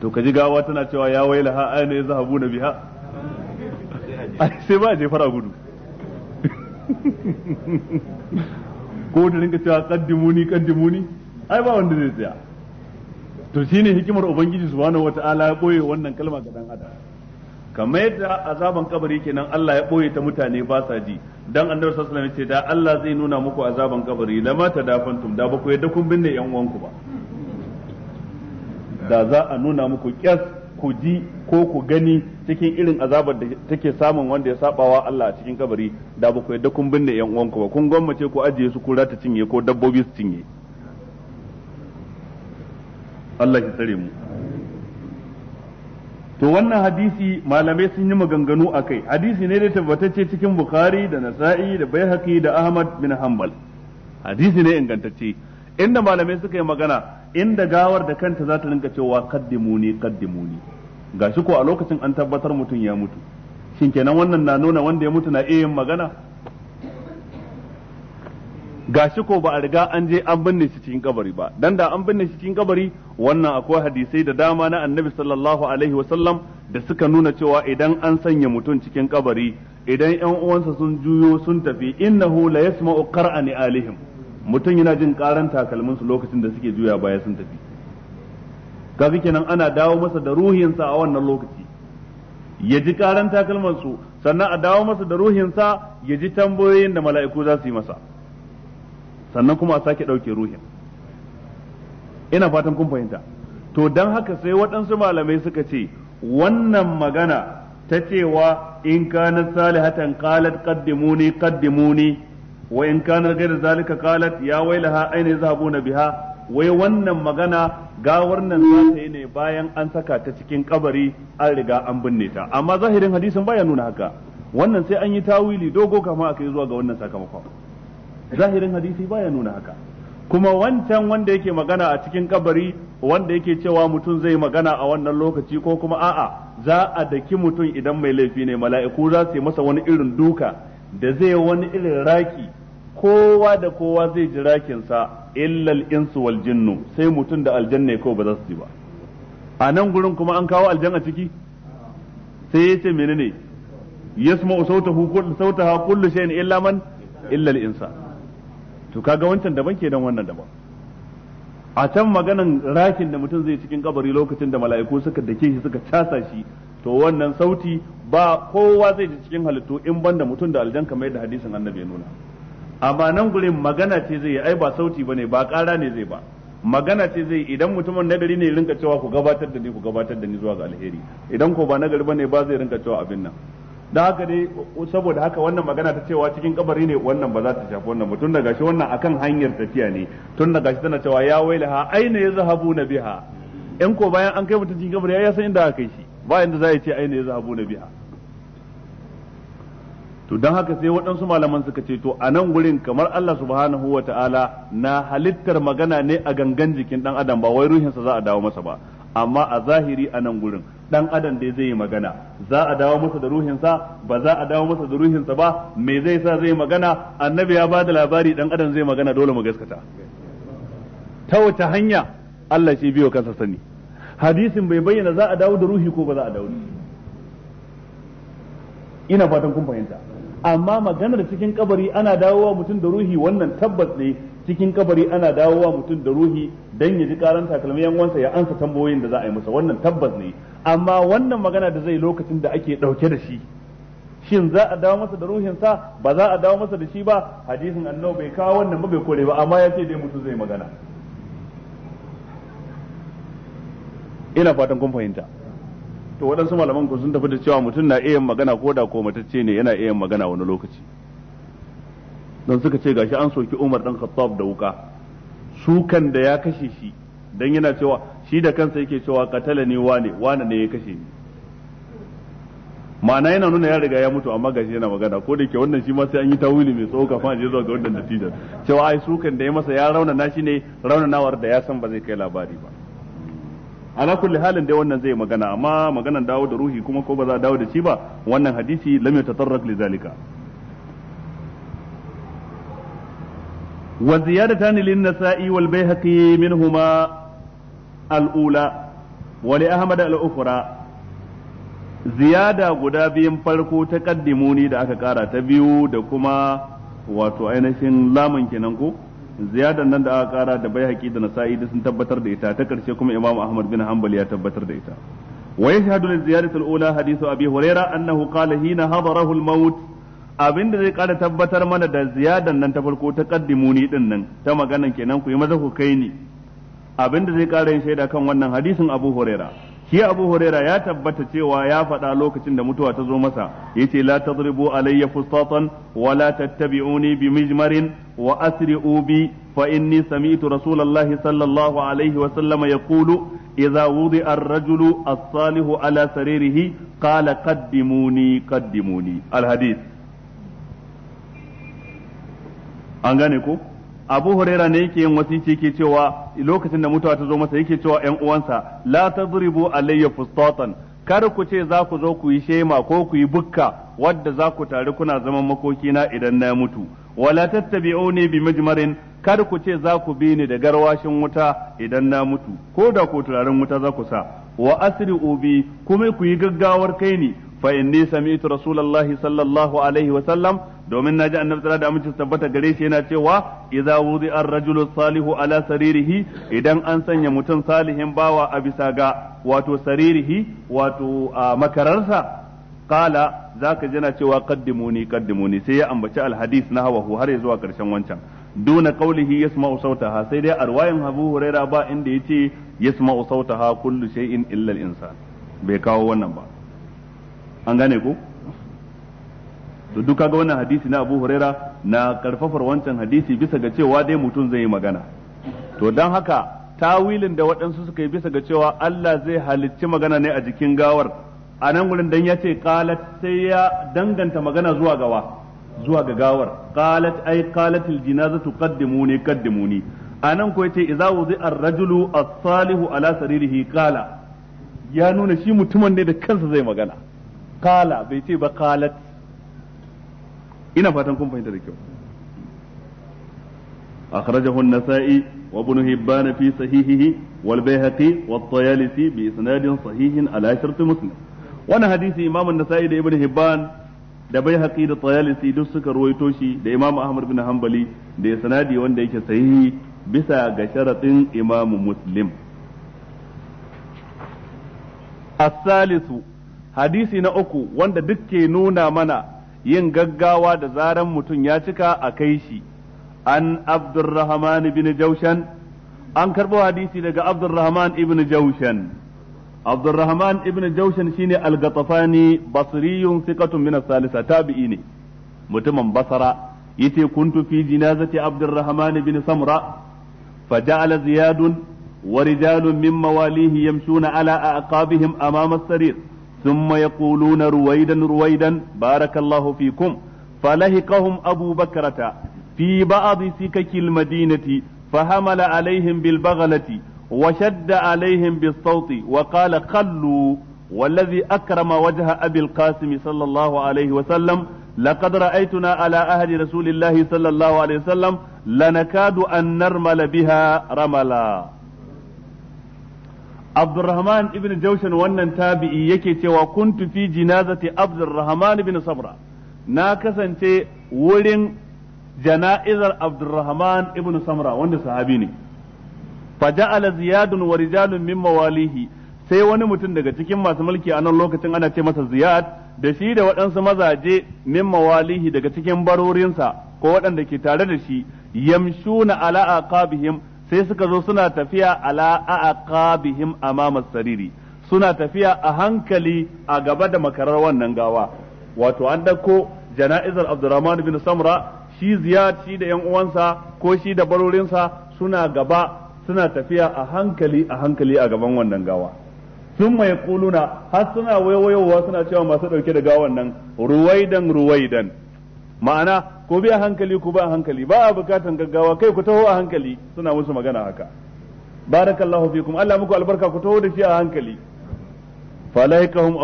Speaker 1: to ka ji gawa tana cewa ya waila ha aina ya zahabu na biha sai ba je fara gudu ko da rinka cewa kaddimuni kaddimuni ai ba wanda zai tsaya to shine hikimar ubangiji subhanahu wata'ala ya boye wannan kalma ga dan adam kamar yadda azaban kabari kenan Allah ya boye ta mutane ba sa ji dan annabi sallallahu alaihi wasallam ce da Allah zai nuna muku azaban kabari lama ta dafantum da ba ku kun binne yan uwanku ba da za a nuna muku kyas ku ji ko ku gani cikin irin azabar da take samun wanda ya sabawa Allah a cikin kabari da ba ku kun binne yan uwanku ba kun gwammace ku ajiye su kura ta cinye ko dabbobi su cinye Allah ya tsare mu to wannan hadisi malamai sun yi maganganu a kai hadisi ne da tabbatacce cikin bukari da nasa'i da baihaqi da ahmad bin hanbal hadisi ne ingantacce inda malamai suka yi magana inda gawar da kanta za ta rinka cewa kaddimuni kaddimuni gashi ko a lokacin an tabbatar mutum ya mutu shin kenan wannan na nuna wanda ya mutu na iya yin magana gashi ko ba a riga an je an binne shi cikin kabari ba dan da an binne shi cikin kabari wannan akwai hadisai da dama na annabi sallallahu alaihi wasallam da suka nuna cewa idan an sanya mutum cikin kabari idan yan uwansa sun juyo sun tafi innahu la yasma'u qara'ani alihim mutum yana jin karan takalmin su lokacin da suke juya baya sun tafi kaga kenan ana dawo masa da ruhinsa a wannan lokaci ya ji karan takalman su sannan a dawo masa da ruhinsa ya ji tambayoyin da mala'iku za su yi masa sannan kuma a sake ɗauke ruhin ina fatan kun fahimta to don haka sai waɗansu malamai suka ce wannan magana ta cewa in kana salihatan qalat qaddimuni qaddimuni wa in kanar gaida zalika qalat ya wailaha aina na biha wai wannan magana gawar nan za ta yi ne bayan an saka ta cikin kabari an riga an binne ta amma zahirin hadisin baya nuna haka wannan sai an yi tawili dogo kama aka yi zuwa ga wannan sakamakon zahirin hadisi baya nuna haka kuma wancan wanda yake magana a cikin kabari wanda yake cewa mutum zai magana a wannan lokaci ko kuma a'a za a daki mutum idan mai laifi ne mala'iku za su yi masa wani irin duka da zai wani irin raki kowa da kowa zai ji rakinsa illal insu wal jinnu sai mutum da aljanna ko ba za su ji ba a nan gurin kuma an kawo aljanna ciki sai ya ce menene yasma'u sautahu kullu sautaha kullu shay'in illa man illal insa to kaga wancan daban ke dan wannan daban a can maganan rakin da mutum zai cikin kabari lokacin da mala'iku suka dake shi suka casa shi to wannan sauti ba kowa zai ji cikin halittu in banda mutum da aljanka kamar yadda hadisin annabi ya nuna amma nan gurin magana ce zai yi ai ba sauti bane ba ƙara ne zai ba magana ce zai idan mutumin nagari ne rinka cewa ku gabatar da ni ku gabatar da ni zuwa ga alheri idan ko ba nagari bane ba zai rinka cewa abin nan da haka dai saboda haka wannan magana ta cewa cikin kabari ne wannan ba za ta shafi wannan ba tun da gashi wannan akan hanyar tafiya ne tun da gashi tana cewa ya wailaha aina ya zahabu na biha in ko bayan an kai mutum cikin kabari ya san inda aka kai shi ba inda za ya ce aina ya zahabu na biha to don haka sai waɗansu malaman suka ce to a nan gurin kamar Allah subhanahu wa ta'ala na halittar magana ne a gangan jikin ɗan adam ba wai ruhinsa za a dawo masa ba amma a zahiri a nan gurin dan adam dai zai yi magana za a dawo masa da ruhinsa ba za a dawo masa da ruhinsa ba me zai sa zai magana annabi ya ba da labari dan adam zai magana dole mu gaskata ta wata hanya Allah shi biyo kansa sani hadisin bai bayyana za a dawo da ruhi ko ba za a dawo ina fatan kun fahimta amma maganar cikin kabari ana dawowa mutum da ruhi wannan tabbas ne cikin kabari ana dawowa mutum da ruhi dan ya ji karan takalmi yan wansa ya ansa tambayoyin da za a yi masa wannan tabbas ne amma wannan magana da zai lokacin da ake dauke da shi shin za a dawo masa da ruhinsa ba za a dawo masa da shi ba hadisin annabi bai kawo wannan ba bai kore ba amma ya ce dai mutu zai magana ina fatan kun fahimta to waɗansu malaman ku sun tafi da cewa mutum na iya magana ko da ko matacce ne yana iya magana wani lokaci don suka ce gashi an soki Umar dan Khattab da wuka sukan da ya kashe shi don yana cewa shi da kansa yake cewa katala ne wane wane ne ya kashe ni ma'ana yana nuna ya riga ya mutu amma gashi yana magana ko da ke wannan shi ma sai an yi tawili mai tsoka kafin a je zuwa ga wannan dattijan cewa ai sukan da ya masa ya rauna na shi ne rauna raunanawar da ya san ba zai kai labari ba ala kulli halin dai wannan zai magana amma maganan dawo da ruhi kuma ko ba za a dawo da shi ba wannan hadisi lam yatatarrak li zalika wa ziyadatan lin nasa'i wal baihaqi minhuma al ula wa li ahmad al ukhra ziyada guda biyun farko ta kaddimuni da aka kara ta biyu da kuma wato ainihin lamun kenan ko ziyadar nan da aka kara da baihaqi da nasa'i da sun tabbatar da ita ta karshe kuma imam ahmad bin hanbal ya tabbatar da ita ويشهد للزيادة الأولى حديث أبي هريرة أنه قال حين rahul الموت abin da zai kara tabbatar mana da ziyadan nan ta farko ta kaddimuni din nan ta maganan kenan ku yi maza ku kai ni abin da zai kara yin shaida kan wannan hadisin Abu Huraira shi Abu Huraira ya tabbata cewa ya faɗa lokacin da mutuwa ta zo masa yace la tadribu alayya fustatan wa la tattabi'uni bi mijmarin wa asri'u bi fa inni sami'tu rasulullahi sallallahu alaihi wa sallama yaqulu idza wudi'a ar-rajulu as-salihu ala saririhi qala qaddimuni qaddimuni al-hadith an gane ko abu huraira ne yake yin wasici yake cewa lokacin da mutuwa ta zo masa yake cewa ƴan uwansa la tadribu alayya fustatan kar ku ce za ku zo ku yi shema ko ku yi bukka wadda za ku tare kuna zaman makoki na idan na mutu wala tattabi'uni bi majmarin kar ku ce za ku bi ni da garwashin wuta idan na mutu ko da ko turaren wuta za ku sa wa asri ubi kuma ku yi gaggawar kai ne. fa inni sami'tu rasulullahi sallallahu alaihi wa sallam domin naji annabi sallallahu alaihi wasallam tabbata gare shi yana cewa idza wudi ar-rajulu salihu ala saririhi idan an sanya mutum salihin bawa a bisa ga wato saririhi wato makararsa kala zaka jina cewa qaddimuni qaddimuni sai ya ambaci al-hadith na hawahu har zuwa karshen wancan duna qawlihi yasma'u sautaha sai dai arwayin Abu Huraira ba inda yace yasma'u sautaha kullu shay'in illa al-insan bai kawo wannan ba an gane ko to duk kaga wannan hadisi na Abu Huraira na karfafar wancan hadisi bisa ga cewa dai mutum zai yi magana to dan haka tawilin da waɗansu suka yi bisa ga cewa Allah zai halicci magana ne a jikin gawar a nan gurin dan ya ce qalat sai ya danganta magana zuwa gawa zuwa ga gawar qalat ay qalatil jinazatu qaddimuni qaddimuni a nan ko yace idza wuzi ar-rajulu as-salihu ala saririhi qala ya nuna shi mutumin ne da kansa zai magana kala bai ce ba kalat ina fatan kun fahimta da kyau akhrajahu an-nasa'i wa ibn hibban fi sahihihi wal bayhaqi at tayalisi bi isnadin sahihin ala shart muslim wannan hadisi imam an-nasa'i da ibn hibban da bayhaqi da tayalisi duk suka ruwaito shi da imam ahmad bin hanbali da sanadi wanda yake sahihi bisa ga sharatin imam muslim Salisu. hadisi na uku wanda duk ke nuna mana yin gaggawa da zaran mutum ya cika a kai shi an abdurrahman bin jaushan an karɓo hadisi daga abdurrahman ibn jaushan abdurrahman ibn jaushan shine al-gatafani basriyun thiqatun min as-salisa tabi'i ne mutumin basara yace kuntu fi jinazati abdurrahman bin samra فجعل زياد ورجال من مواليه يمشون على أعقابهم أمام السرير ثم يقولون رويدا رويدا بارك الله فيكم فلهقهم أبو بكرة في بعض سكك المدينة فحمل عليهم بالبغلة وشد عليهم بالصوت وقال خلوا والذي أكرم وجه أبي القاسم صلى الله عليه وسلم لقد رأيتنا على أهل رسول الله صلى الله عليه وسلم لنكاد أن نرمل بها رملا Abdurrahman ibn Jaushan wannan tabi'i yake cewa kuntu fi jinazati Abdurrahman ibn Sabra na kasance wurin jana'izar Abdurrahman ibn Samra wanda sahabi ne faja'ala ziyadun wa rijalun min mawalihi sai wani mutum daga cikin masu mulki a nan lokacin ana ce masa ziyad da shi da waɗansu mazaje min mawalihi daga cikin barorinsa ko waɗanda ke tare da shi yamshuna ala aqabihim sai suka zo suna tafiya ala aqabihim amama sariri suna tafiya a hankali a gaba da makarar wannan gawa wato an dako jana'izar Abdurrahman bin Samra shi Ziyad shi da yan uwansa ko shi da barorinsa suna gaba suna tafiya a hankali a hankali a gaban wannan gawa sun mai kuluna har suna wayoyowa suna cewa masu dauke da gawan nan ruwaidan ruwaidan ma'ana ko bi a hankali ko ba a hankali ba a bukatan gaggawa kai ku taho a hankali suna musu magana haka barakallahu fikum Allah muku albarka ku taho da shi a hankali falaikahum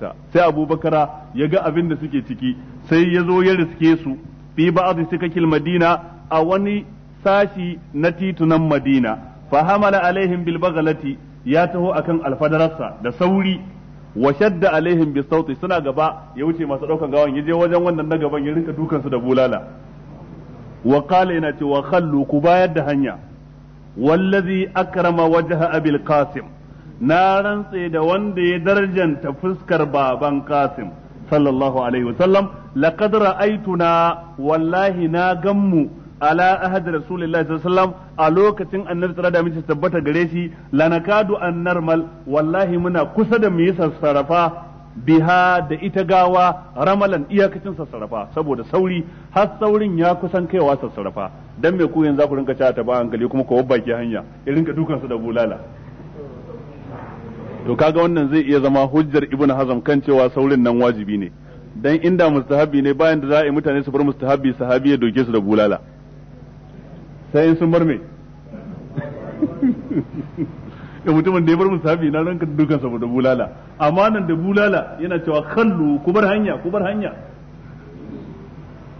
Speaker 1: ta sai abubakara ya ga abin da suke ciki sai ya zo ya riske su fi ba'd sikakil madina a wani sashi na titunan madina fa hamala alaihim bil baghlati ya taho akan alfadarsa da sauri wa shadda alaihim bi sauti suna gaba ya wuce masu daukan gawan ya wajen wannan na gaban ya rinka dukan su da bulala wa qala ina ce wa khallu ku bayar da hanya wallazi akrama wajha abil qasim na rantse da wanda ya darjanta fuskar baban qasim sallallahu alaihi wasallam laqad ra'aituna wallahi na gammu ala ahad rasulillahi sallallahu a lokacin annabi tsara da mace tabbata gare shi lanakadu an narmal wallahi muna kusa da mu yi sassarafa biha da ita gawa ramalan iyakacin sassarafa saboda sauri har saurin ya kusan kaiwa sassarafa dan me ku yanzu za ku rinka cewa ta ba hankali kuma ko baki hanya irin ka dukan su da bulala to kaga wannan zai iya zama hujjar ibn hazm kan cewa saurin nan wajibi ne dan inda mustahabi ne bayan da za a yi mutane su bar mustahabi sahabi ya doke su da bulala sai sun bar me ya eh, mutumin da ya bar musafi na ranka dukan saboda bulala amma nan da bulala yana cewa kallu ku bar hanya ku bar hanya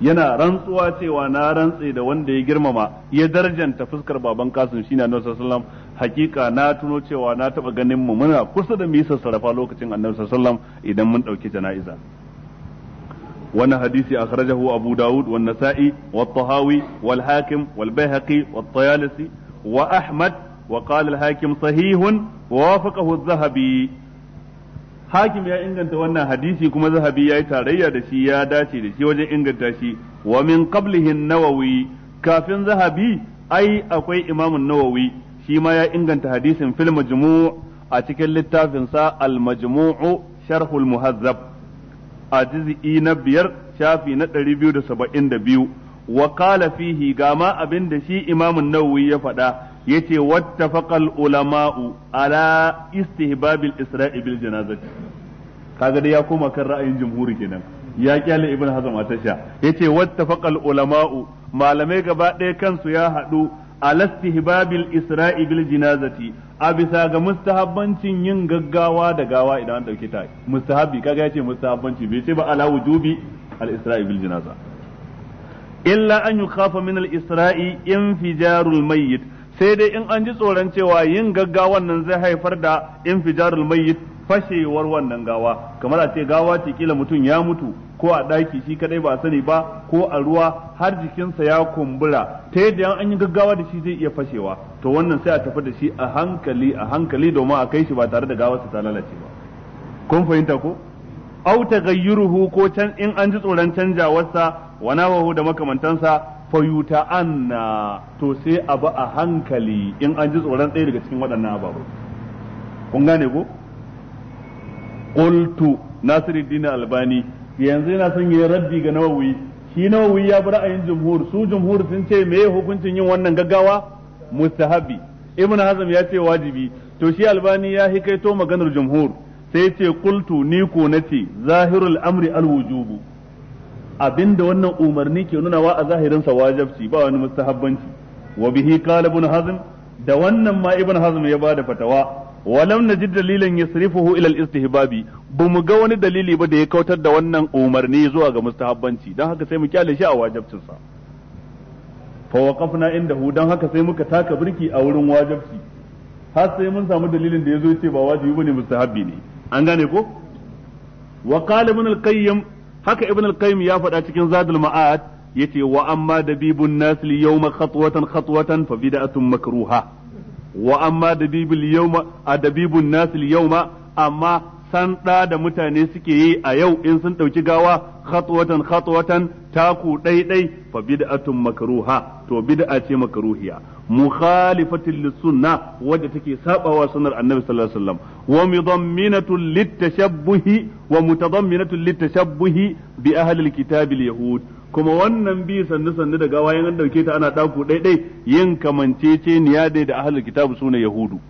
Speaker 1: yana rantsuwa cewa na rantse da wanda ya girmama ya darjanta fuskar baban kasim na annabi sallallahu hakika na tuno cewa na taba ganin mu muna kusa da mu yi sassarafa lokacin annabi sallallahu idan mun dauki jana'iza wannan hadisi akhrajahu abu daud wan nasa'i wat tahawi wal hakim wal baihaqi wat tayalisi wa ahmad wa qala hakim sahihun wa wafaqahu zahabi hakim ya inganta wannan hadisi kuma zahabi ya yi tarayya da shi ya dace da shi wajen inganta shi wa min qablihi an-nawawi kafin zahabi ai akwai imamun nawawi shi ma ya inganta hadisin fil majmu' a cikin littafinsa al-majmu'u sharhul muhazzab a juz'i na biyar shafi na ɗari biyu da saba'in da biyu wa fihi ga ma abin da shi imamun nawawi ya faɗa yace wattafaqal ulama'u ala istihbabil isra'i bil janazati kaga ya koma kan ra'ayin jumhuri kenan ya kyale ibn hazm a tasha yace wattafaqal ulama'u malamai gaba ɗaya kansu ya haɗu ala istihbabil isra'i a bisa ga mustahabbancin yin gaggawa da gawa idan an dauke ta mustahabbi kaga yace mustahabbanci bai ce ba ala wujubi al isra'i bil janaza illa an yukhafa min al isra'i infijarul mayyit sai dai in an ji tsoron cewa yin gaggawan nan zai haifar da infijarul mayyit fashewar wannan gawa kamar a ce gawa ce kila mutum ya mutu ko a ɗaki shi kadai ba sani ba ko a ruwa har jikinsa ya kumbura ta yadda an yi gaggawa da shi zai iya fashewa to wannan sai a tafi da shi a hankali a hankali domin a kai shi ba tare da gawarsa ta lalace ba kun fahimta ko au taghayyuruhu ko can in an ji tsoron canjawarsa wa nawahu da makamantansa fayuta anna to sai a ba a hankali in an ji tsoron ɗaya daga cikin waɗannan ababu kun gane ko qultu nasiruddin albani yanzu yana son yayin raddi ga nawawi shi nawawi ya bi ra'ayin jumhur su jumhur sun ce me hukuncin yin wannan gaggawa mustahabi ibn hazm ya ce wajibi to shi albani ya hikaito maganar jumhur sai ce qultu ni ko nace zahirul amri alwujubu abinda wannan umarni ke nunawa a zahirin sa wajibci ba wani mustahabbanci wa bihi qala ibn hazm da wannan ma ibn hazm ya bada fatawa walam najid dalilan yasrifuhu ila al-istihbabi bu mu ga wani dalili ba da ya kautar da wannan umarni zuwa ga mustahabbanci dan haka sai mu kyale shi a wajibcin sa fa waqafna indahu dan haka sai muka taka birki a wurin wajibci har sai mun samu dalilin da yazo yace ba wajibi bane mustahabbi ne an gane ko wa qala ibn al-qayyim haka ibn al-qayyim ya faɗa cikin zadul ma'ad yace wa amma dabibun nas li yawma khatwatan khatwatan fa bid'atun makruha wa amma dabibul yawma adabibun nas li yawma amma sanɗa da mutane suke yi a yau in sun ɗauki gawa khatwatan khatwatan taku ɗaiɗai fa bid'atun makruha to bid'a ce makruhiya mukhalifatin lisunna wadda take sabawa sunnar annabi sallallahu alaihi wasallam wa midamminatun litashabbuhi wa mutadamminatun litashabbuhi bi ahli alkitabil yahud kuma wannan bi sannu sannu da gawa yan ɗauke ta ana taku ɗaiɗai yin kamanceceniya dai da ahli kitab sune yahudu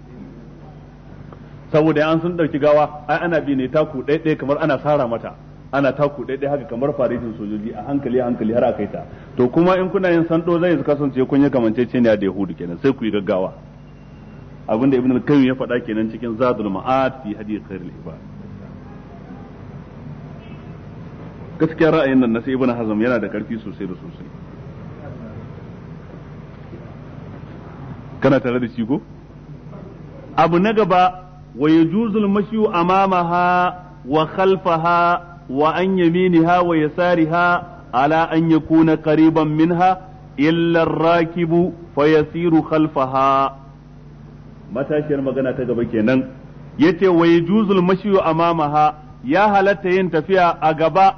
Speaker 1: saboda an sun dauki gawa ai ana bi ne taku ɗaya kamar ana sara mata ana taku ɗaya haka kamar faretin sojoji a hankali a hankali har akai ta to kuma in kuna yin sando zai kasance kun yi kamanceceniya da yahudu kenan sai ku yi gaggawa abinda ibn al kayyim ya faɗa kenan cikin zadul ma'ad fi hadith khairul ibad gaskiya ra'ayin nan na sai ibn hazm yana da karfi sosai da sosai kana tare da shi ko abu na gaba wa yajuzul mashyu amamaha wa khalfaha wa an yaminiha wa yasariha ala an yakuna qariban minha illa ar-rakibu fayasiru khalfaha matashiyar magana ta gaba kenan yace wa yajuzul mashyu amamaha ya halatta yin tafiya a gaba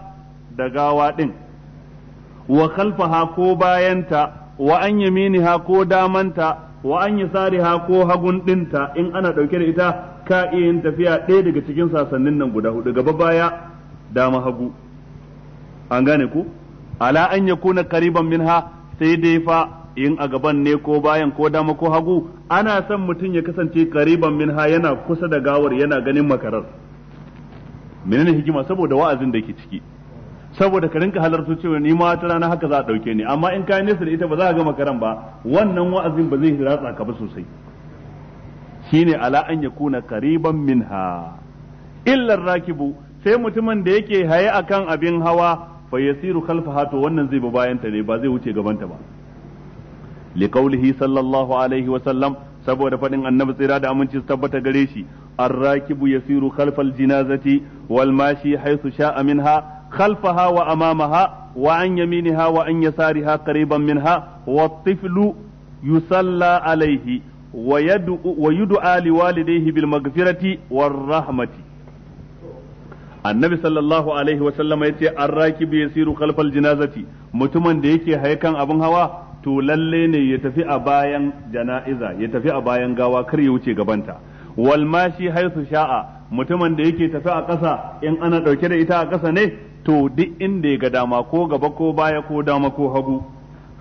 Speaker 1: da gawa ɗin. wa khalfaha ko bayanta wa an yaminiha ko damanta wa an sariha ko hagun ɗinta in ana ɗauke da ita ka iya yin tafiya ɗaya daga cikin sasannin nan guda hudu gaba baya dama hagu an gane ku ala an ya kuna kariban minha sai dai fa in a gaban ne ko bayan ko dama ko hagu ana son mutum ya kasance kariban minha yana kusa da gawar yana ganin makarar menene hikima saboda wa'azin da ke ciki saboda ka rinka halarta cewa ni ma ta rana haka za a dauke ni amma in ka nesa da ita ba za ka ga makaran ba wannan wa'azin ba zai ratsa ka ba sosai shine ala an yakuna kariban minha illar rakibu sai mutumin da yake haye akan abin hawa fa yasiru khalfaha to wannan zai bi bayan ta ne ba zai wuce gaban ta ba liqaulihi sallallahu alaihi wa sallam saboda fadin annabi tsira da aminci su tabbata gare shi الراكب يسير خلف الجنازة والماشي حيث شاء منها خلفها وأمامها وعن يمينها وعن يسارها قريبا منها والطفل يصلى عليه wa yud'a li walidayhi bil maghfirati war rahmati annabi sallallahu alaihi wa sallama raki arrakib yasiru kalfar janazati mutumin da yake haikan abin hawa to lalle ne ya tafi a bayan jana'iza ya tafi a bayan gawa kar ya wuce gabanta Walmashi mashi sha'a mutumin da yake tafi a ƙasa in ana ɗauke da ita a ƙasa ne to duk inda ya ga dama ko gaba ko baya ko dama ko hagu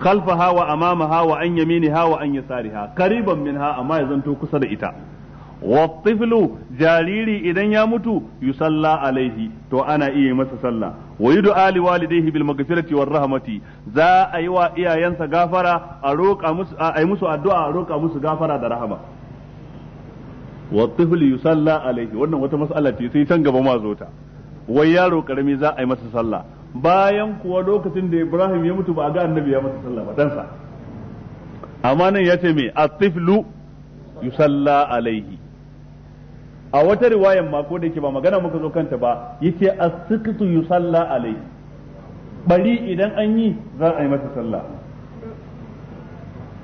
Speaker 1: khalfaha wa amamaha wa an yaminiha wa an yasariha Kariban minha amma ya zanto kusa da ita wa jariri idan ya mutu yusalla alaihi to ana iya masa sallah wa yudu ali walidayhi bil maghfirati war rahmati za a yi wa iyayensa gafara a roƙa musu a yi addu'a a roƙa musu gafara da rahama wa tiflu alaihi wannan wata mas'ala ce sai can gaba ma zo ta wai yaro ƙarami za a yi masa sallah bayan kuwa lokacin da Ibrahim ya mutu ba a ga annabi ya mutu sallah ba ɗansa amma nan ya ce me at-tiflu yusalla alaihi a wata riwayan ma ko da yake ba magana muka zo kanta ba yace as-siqtu yusalla alaihi bari idan an yi za a yi masa sallah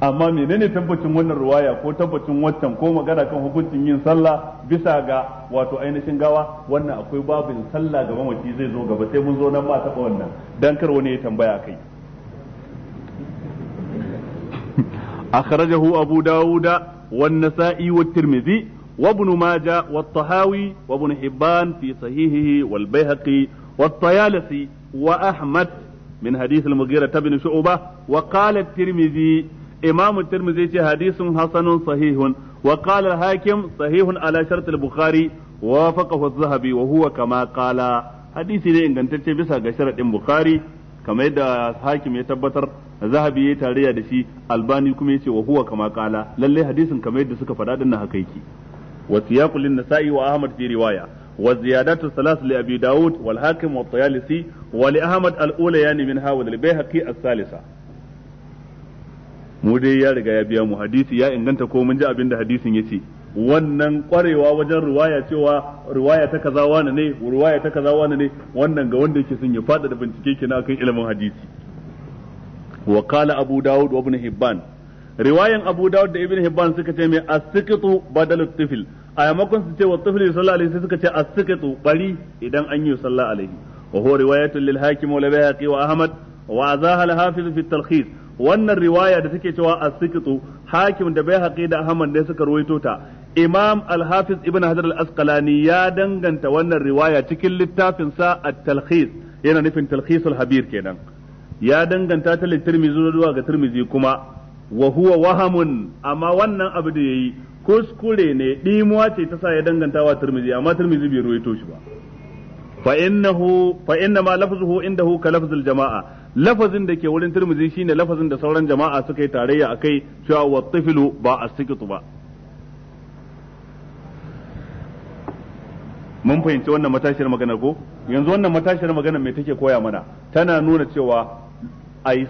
Speaker 1: amma menene tabbacin wannan ruwaya ko tabbacin waccan ko magana kan hukuncin yin sallah bisa ga wato ainihin gawa wannan akwai babin sallah ga mace zai zo gaba sai mun zo nan ma taɓa wannan dan kar wani ya tambaya kai akhrajahu abu dawuda wan nasa'i wa tirmidhi wa ibn majah wa tahawi wa ibn hibban fi sahihihi wal baihaqi wa tayalisi wa ahmad min hadith al-mughira ibn shu'bah wa qala at-tirmidhi imam tirmidhi ce hadisun hasanun sahihun wa qala sahihun ala shart al-bukhari wa faqahu az-zahabi wa kama ne ingantacce bisa ga sharadin bukhari kamar yadda hakim ya tabbatar zahabi ya tarayya da shi albani kuma ya ce wa huwa kama kala lallai hadisin kamar yadda suka faɗa dinnan haka yake wa siyaqul nasa'i wa ahmad fi riwaya wa ziyadatu salas li abi daud wal hakim wa tayalisi wa li ahmad al ula yani min hawa al bayhaqi as salisa mu dai ya riga ya biya mu hadisi ya inganta ko mun ji abin da hadisin yace wannan kwarewa wajen ruwaya cewa ruwaya ta kaza wani ne ruwaya ta kaza wani ne wannan ga wanda yake son ya fada da bincike kina akan ilimin hadisi wa qala abu daud wa ibn hibban riwayan abu daud da ibn hibban suka ce mai as-siqtu badal at-tifl a su ce wa tifl sallallahu alaihi sai suka ce as-siqtu bari idan an yi sallallahu alaihi wa huwa riwayatun lil hakim wa bayhaqi wa ahmad wa zahal al-hafiz fi at-talkhis wannan riwaya da take cewa as sikitsu hakim da bai da ahmad ne suka ruwaito ta imam al-hafiz ibn hajar al-asqalani ya danganta wannan riwaya cikin littafin sa at-talkhis yana nufin talkhis al-habir kenan ya danganta ta litirmizi zuwa ga tirmizi kuma wa huwa wahamun amma wannan abu da yayi kuskure ne dimuwa ce ta sa ya danganta wa tirmizi amma tirmizi bai ruwaito shi ba fa innahu fa inna ma lafzuhu indahu ka lafzul jama'a lafazin da ke wurin turmuzi shine lafazin da sauran jama'a suka yi tarayya akai cewa wa tiflu ba asikitu ba mun fahimci wannan matashiyar magana ko yanzu wannan matashiyar magana me take koya mana tana nuna cewa ai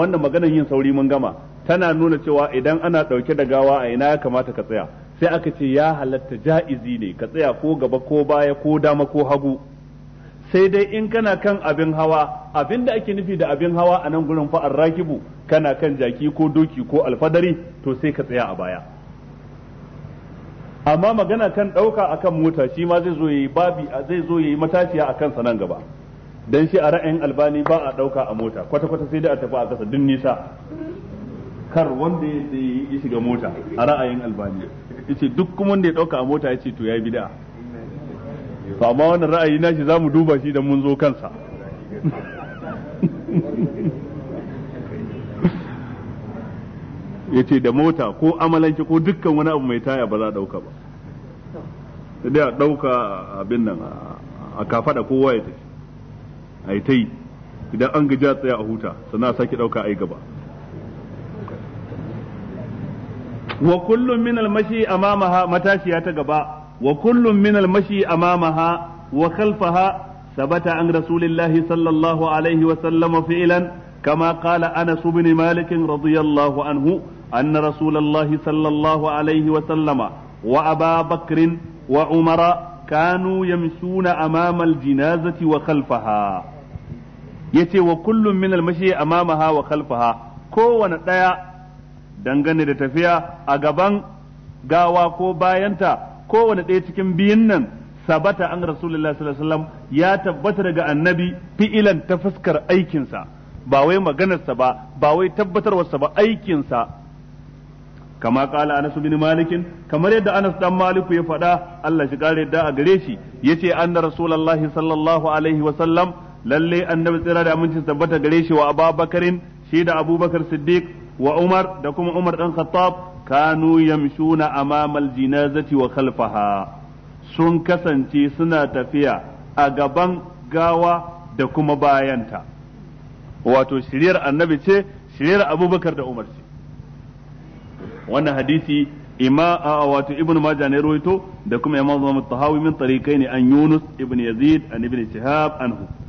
Speaker 1: wannan maganar yin sauri mun gama tana nuna cewa idan ana dauke da gawa a ina ya kamata ka tsaya sai aka ce ya halatta ja'izi ne ka tsaya ko gaba ko baya ko dama ko hagu sai dai in kana kan abin hawa abin da ake nufi da abin hawa a nan gurin fa'ar rakibu kana kan jaki ko doki ko alfadari to sai ka tsaya a baya amma magana kan ɗauka akan mota shi ma zai zo yayi babi zai zo yayi matashiya akan sa nan gaba dan shi a ra'ayin albani ba a ɗauka a mota kwata kwata sai dai a tafi a gasa dun nisa kar wanda ya shiga mota a ra'ayin albani yace duk kuma wanda ya ɗauka a mota yace to ya bid'a to amma wannan ra'ayi na nashi za mu duba shi idan mun zo kansa ya ce da mota ko amalanki ko dukkan wani abu mai taya ba za a ɗauka ba sai dai a ɗauka abin nan a kafaɗa kowa ya tafi a yi ta yi idan an gaji a tsaya a huta sannan a sake ɗauka a yi gaba wa kullum min almashi amamaha matashiya ta gaba wa kullum min al-mashi amamaha wa khalfaha sabata an rasulillahi sallallahu alaihi wa sallama fi'lan kama qala Anas ibn Malik radiyallahu anhu anna rasulallahi sallallahu alaihi wa sallama wa Aba Bakr wa Umar كانوا يمشون أمام الجنازة وخلفها yace wa kullum min almashi amamaha wa khalfaha kowane ɗaya dangane da tafiya a gaban gawa ko bayanta kowane ɗaya cikin biyun nan sabata an rasulullah sallallahu ya tabbata daga annabi fi'ilan ta fuskar aikinsa ba wai maganarsa ba ba wai tabbatarwarsa ba aikinsa kama kala Anas bin Malikin kamar yadda Anas dan Maliku ya faɗa Allah shi kare da a gare shi yace anna Rasulullah sallallahu alaihi wa sallam lalle annabi tsira da aminci tabbata gare shi wa ababakarin shi da Abubakar Siddiq wa Umar da kuma Umar dan Khattab kanu yamshuna amamal jinazati wa khalfaha sun kasance suna tafiya a gaban gawa da kuma bayanta wato shiryar annabi ce shiryar abubakar da umar ce wannan hadisi ima a wato ibnu majah ne ruwaito da kuma imam zuwa tahawi min tariqai ne an yunus ibn yazid an ibn shihab anhu